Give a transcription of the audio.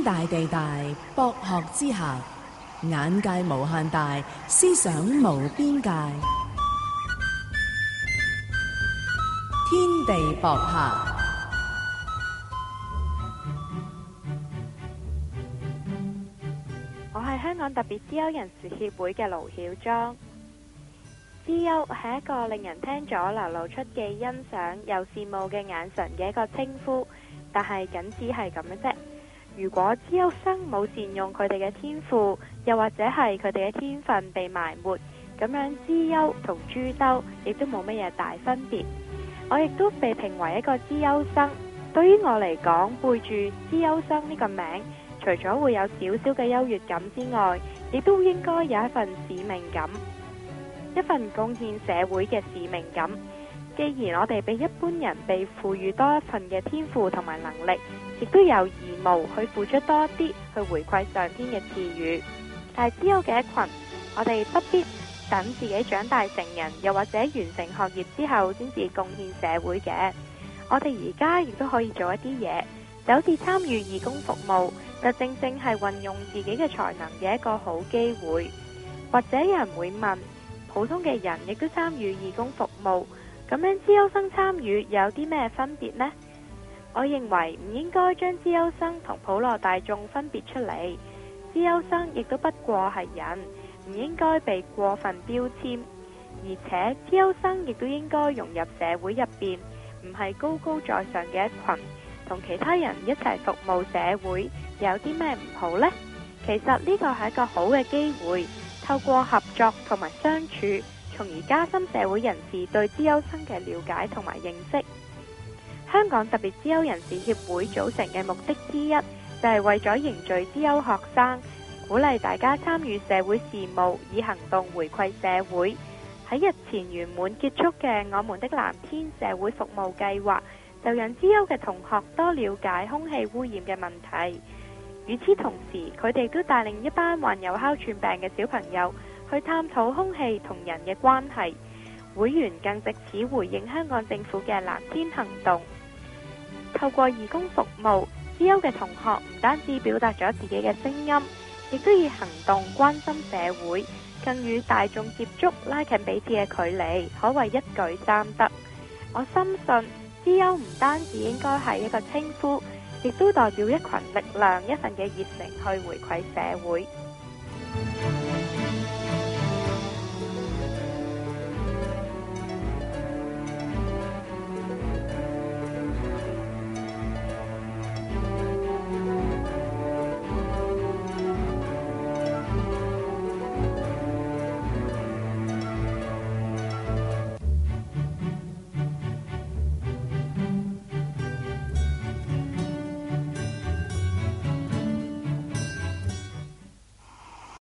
天大地大，博學之下眼界無限大，思想無邊界。天地博客，我係香港特別資優人士協會嘅盧曉莊。資優係一個令人聽咗流露出既欣賞又羨慕嘅眼神嘅一個稱呼，但係僅止係咁嘅啫。如果資優生冇善用佢哋嘅天賦，又或者係佢哋嘅天分被埋沒，咁樣資優同豬兜亦都冇乜嘢大分別。我亦都被評為一個資優生，對於我嚟講，背住資優生呢個名，除咗會有少少嘅優越感之外，亦都應該有一份使命感，一份貢獻社會嘅使命感。既然我哋比一般人被賦予多一份嘅天賦同埋能力。亦都有義務去付出多啲去回饋上天嘅賜予，但係資優嘅一群，我哋不必等自己長大成人，又或者完成學業之後先至貢獻社會嘅。我哋而家亦都可以做一啲嘢，就好似參與義工服務，就正正係運用自己嘅才能嘅一個好機會。或者有人會問，普通嘅人亦都參與義工服務，咁樣資優生參與有啲咩分別呢？我認為唔應該將資優生同普羅大眾分別出嚟，資優生亦都不過係人，唔應該被過分標籤。而且資優生亦都應該融入社會入邊，唔係高高在上嘅一群，同其他人一齊服務社會，有啲咩唔好呢？其實呢個係一個好嘅機會，透過合作同埋相處，從而加深社會人士對資優生嘅了解同埋認識。香港特別資優人士協會組成嘅目的之一，就係、是、為咗凝聚資優學生，鼓勵大家參與社會事務，以行動回饋社會。喺日前圓滿結束嘅我們的藍天社會服務計劃，就讓資優嘅同學多了解空氣污染嘅問題。與此同時，佢哋都帶領一班患有哮喘病嘅小朋友去探討空氣同人嘅關係。會員更借此回應香港政府嘅藍天行動。透過義工服務，資優嘅同學唔單止表達咗自己嘅聲音，亦都以行動關心社會，更與大眾接觸，拉近彼此嘅距離，可謂一舉三得。我深信，資優唔單止應該係一個稱呼，亦都代表一群力量、一份嘅熱誠去回饋社會。